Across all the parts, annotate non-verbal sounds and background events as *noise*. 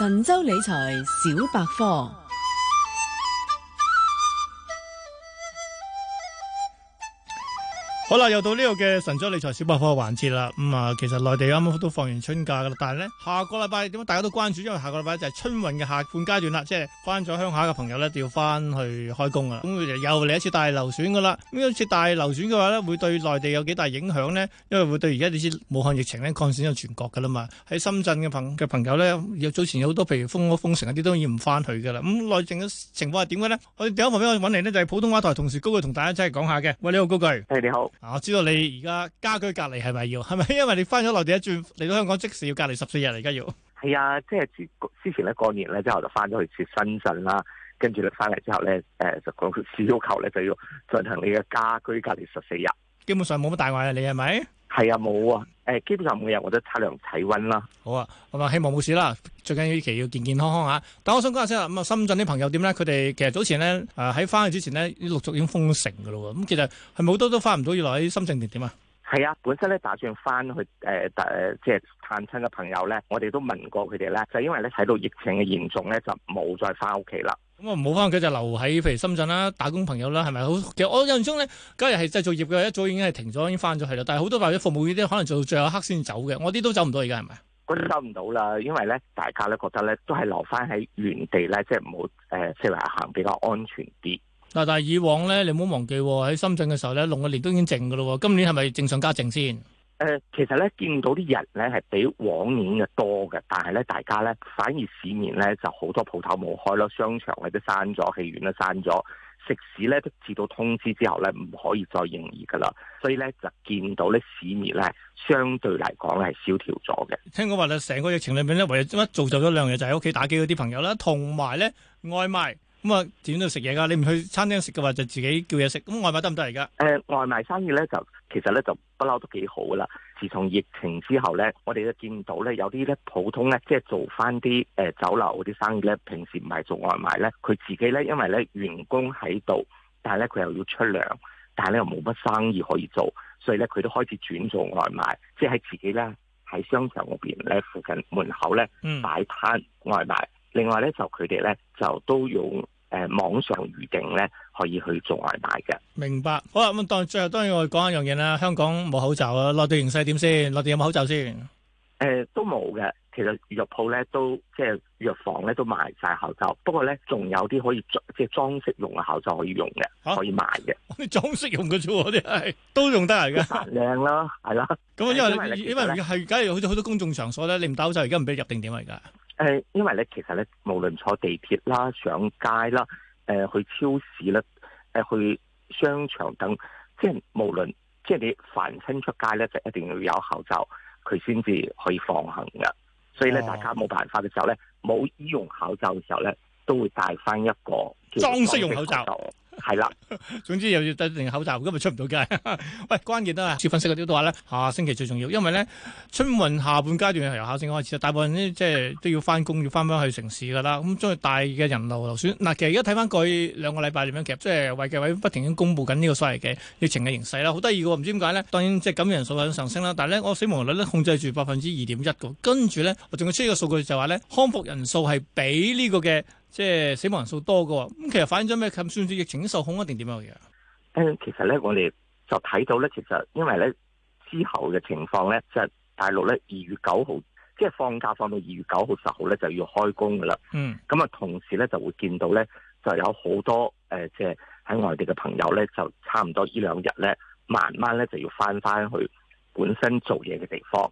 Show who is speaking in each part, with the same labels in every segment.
Speaker 1: 神州理財小百科。好啦，又到呢個嘅神州理財小百科嘅環節啦。咁啊，其實內地啱啱都放完春假噶啦，但係咧，下個禮拜點解大家都關注？因為下個禮拜就係春運嘅下半階段啦，即係翻咗鄉下嘅朋友咧，就要翻去開工噶啦。咁又嚟一次大流選噶啦。咁一次大流選嘅話咧，會對內地有幾大影響咧？因為會對而家你知武漢疫情咧擴散咗全國噶啦嘛。喺深圳嘅朋嘅朋友咧，早前有好多譬如封咗封城嗰啲當然唔翻去噶啦。咁內地嘅情況係點嘅咧？我哋第一旁邊，我哋揾嚟咧就係、是、普通話台同事高炬同大家一齊講下嘅。喂，你好高炬，係、hey, 你好。我知道你而家家居隔離係咪要？係咪因為你翻咗內地一轉嚟到香港即時要隔離十四日嚟？而家要
Speaker 2: 係啊，即係之前咧過、那個、年咧之後就翻咗去住深圳啦，跟住咧翻嚟之後咧誒、呃、就講要求咧就要進行你嘅家居隔離十四日，
Speaker 1: 基本上冇乜大礙啊？你係咪？係啊，冇啊。誒，基本上每
Speaker 2: 日我都測量體溫啦。
Speaker 1: 好啊，咁啊，希望冇事啦。最緊要依期要健健康康吓，啊。但我想講下先啦，咁啊，深圳啲朋友點咧？佢哋其實早前咧，誒，喺翻去之前咧陸續已經封城噶啦。咁其實係咪好多都翻唔到要落喺深圳嚟點啊？
Speaker 2: 係啊，本身咧打算翻去誒誒，即，呃，係，就是，探親嘅朋友咧，我哋都問過佢哋咧，就係，因為咧睇到疫情嘅嚴重咧，就冇再翻屋企啦。
Speaker 1: 咁啊，唔好翻佢就留喺譬如深圳啦，打工朋友啦，係咪好？其實我印象中咧，今日係製造業嘅，一早已經係停咗，已經翻咗去啦。但係好多或者服務業啲，可能做到最後一刻先走嘅。我啲都走唔到，而家係咪？
Speaker 2: 嗰啲走唔到啦，因為咧，大家咧覺得咧，都係留翻喺原地咧，即係唔好誒，四圍行比較安全啲。
Speaker 1: 嗱，但係以往咧，你唔好忘記喎、哦，喺深圳嘅時候咧，龍嘅年都已經靜噶啦，今年係咪正常加靜先？誒、呃，其實咧見到啲
Speaker 2: 人咧係比往年嘅多嘅，但係咧大家咧反而市面咧就好多鋪頭冇開咯，商場或者閂咗，戲院咧閂咗，食肆咧都接到通知之後咧唔可以再營業噶啦，所以咧就見到咧市面咧相對嚟講係蕭條咗
Speaker 1: 嘅。聽講話啦，成個疫情裏面咧唯一造就咗兩樣嘢，就喺屋企打機嗰啲朋友啦，同埋咧外賣。咁啊，點到食嘢噶？你唔去餐廳食嘅話，就自己叫嘢食。咁外賣得唔得而家
Speaker 2: 誒，外賣生意咧就其實咧就不嬲都幾好噶啦。自從疫情之後咧，我哋都見到咧有啲咧普通咧即係做翻啲誒酒樓嗰啲生意咧，平時唔係做外賣咧，佢自己咧因為咧員工喺度，但係咧佢又要出糧，但係咧又冇乜生意可以做，所以咧佢都開始轉做外賣，即係喺自己咧喺商場嗰邊咧附近門口咧擺攤外賣。嗯另外咧，就佢哋咧就都用誒、呃、網上預定咧，可以去做外賣嘅。
Speaker 1: 明白。好啦，咁當最後當然我哋講一樣嘢啦。香港冇口罩啊，內地形勢點先？內地有冇口罩先？
Speaker 2: 誒、呃，都冇嘅。其實藥鋪咧都即係藥房咧都賣晒口罩，不過咧仲有啲可以即係裝飾用嘅口罩可以用嘅、啊，可以賣嘅。
Speaker 1: 啲 *laughs* 裝飾用嘅啫喎，啲係都用得嚟㗎。扮靚啦，係啦。咁因為因為係，假如好似好多公眾場所咧，你唔戴口罩而家唔俾入定點嚟㗎？
Speaker 2: 誒，因為咧，其實咧，無論坐地鐵啦、上街啦、誒、呃、去超市啦、誒、呃、去商場等，即係無論即係你凡親出街咧，就一定要有口罩，佢先至可以放行㗎。所以咧，大家冇辦法嘅時候咧，冇醫用口罩嘅時候咧，都會戴返一個裝飾用口罩。
Speaker 1: 係啦，總之又要戴定口罩，今日出唔到街呵呵。喂，關鍵都係先分析嗰啲都話咧，下星期最重要，因為咧春運下半階段係由下星期開始，大部分呢即係都要翻工，要翻返去城市噶啦。咁將大嘅人流流選嗱，其實而家睇翻過去兩個禮拜點樣夾，即係衛健委不停咁公布緊呢個所謂嘅疫情嘅形勢啦，好得意嘅喎，唔知點解呢？當然即係感染人數上升啦，但係呢，我死亡率呢控制住百分之二點一嘅，跟住呢，我仲要出一個數據就話呢，康復人數係比呢個嘅。即、就、係死亡人數多嘅，咁其實反映咗咩？咁算唔算疫情受控啊？定點樣嘅？誒，其
Speaker 2: 實咧，我哋就睇到咧，其實因為咧之後嘅情況咧，即、就、係大陸咧二月九號，即係放假放到二月九號十號咧就要開工噶啦。嗯，咁啊，同時咧就會見到咧就有好多誒、呃，即係喺外地嘅朋友咧，就差唔多這兩天呢兩日咧，慢慢咧就要翻翻去本身做嘢嘅地方。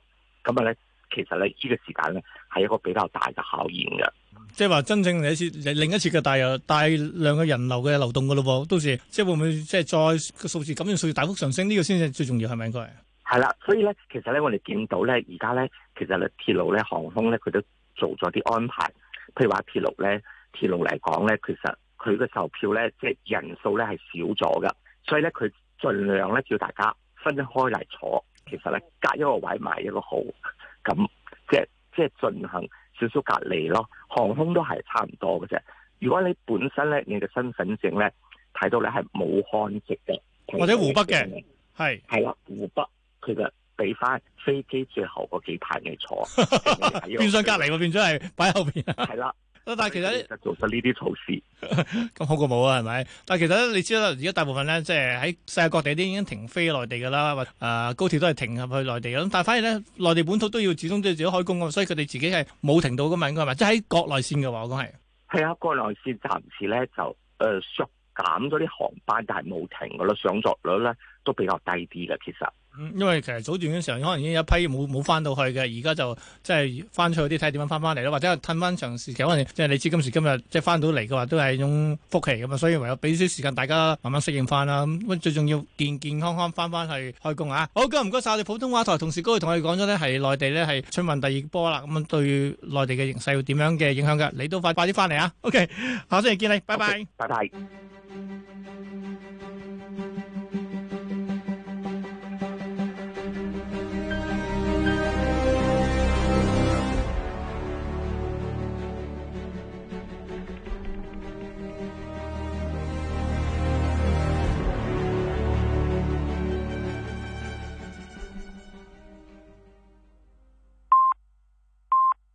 Speaker 2: 咁啊咧。其實咧，呢個時間咧係一個比較大嘅考驗嘅，
Speaker 1: 即係話真正你一次另另一次嘅大又大量嘅人流嘅流動噶咯，到時即係會唔會即係再個數字咁樣，數字大幅上升呢？這個先至最重要係咪應該？
Speaker 2: 係啦，所以咧，其實咧，我哋見到咧，而家咧，其實咧，鐵路咧、航空咧，佢都做咗啲安排。譬如話鐵路咧，鐵路嚟講咧，其實佢嘅售票咧，即係人數咧係少咗噶，所以咧佢盡量咧叫大家分開嚟坐，其實咧隔一個位買一個號。咁即係即係進行少少隔離咯，航空都係差唔多嘅啫。如果你本身咧，你嘅身份證咧睇到你係武漢籍嘅，
Speaker 1: 或者湖北嘅，
Speaker 2: 係係啦，湖北佢就俾翻飛機最後嗰幾排你坐，
Speaker 1: *laughs* *laughs* 變相隔離嗰邊，真係擺喺後邊。係 *laughs* 啦。但係其實
Speaker 2: 就做曬呢啲措施，
Speaker 1: 咁 *laughs* 好過冇啊，係咪？但係其實咧，你知道，而家大部分咧，即係喺世界各地啲已經停飛內地噶啦，或、呃、啊高鐵都係停入去內地咁。但係反而咧，內地本土都要始終都要自己開工噶，所以佢哋自己係冇停到噶嘛，應該係咪即係喺國內線嘅話，我講
Speaker 2: 係係啊，國內線暫時咧就誒縮、呃、減咗啲航班，但係冇停噶啦，上座率咧都比較低啲嘅，其實。
Speaker 1: 因為其實早段嘅時候可能已經一批冇冇翻到去嘅，而家就即係翻出去啲睇點樣翻翻嚟啦，或者褪翻長時期，可能即係你知今時今日即係翻到嚟嘅話，都係一種福氣咁啊！所以唯有俾少時間大家慢慢適應翻啦。咁最重要健健康康翻翻去開工啊！好，唔該晒我哋普通話台同事高炬同我哋講咗呢係內地呢係春運第二波啦。咁對內地嘅形勢會點樣嘅影響嘅？你都快快啲翻嚟啊！OK，下星期見你，拜拜，拜拜。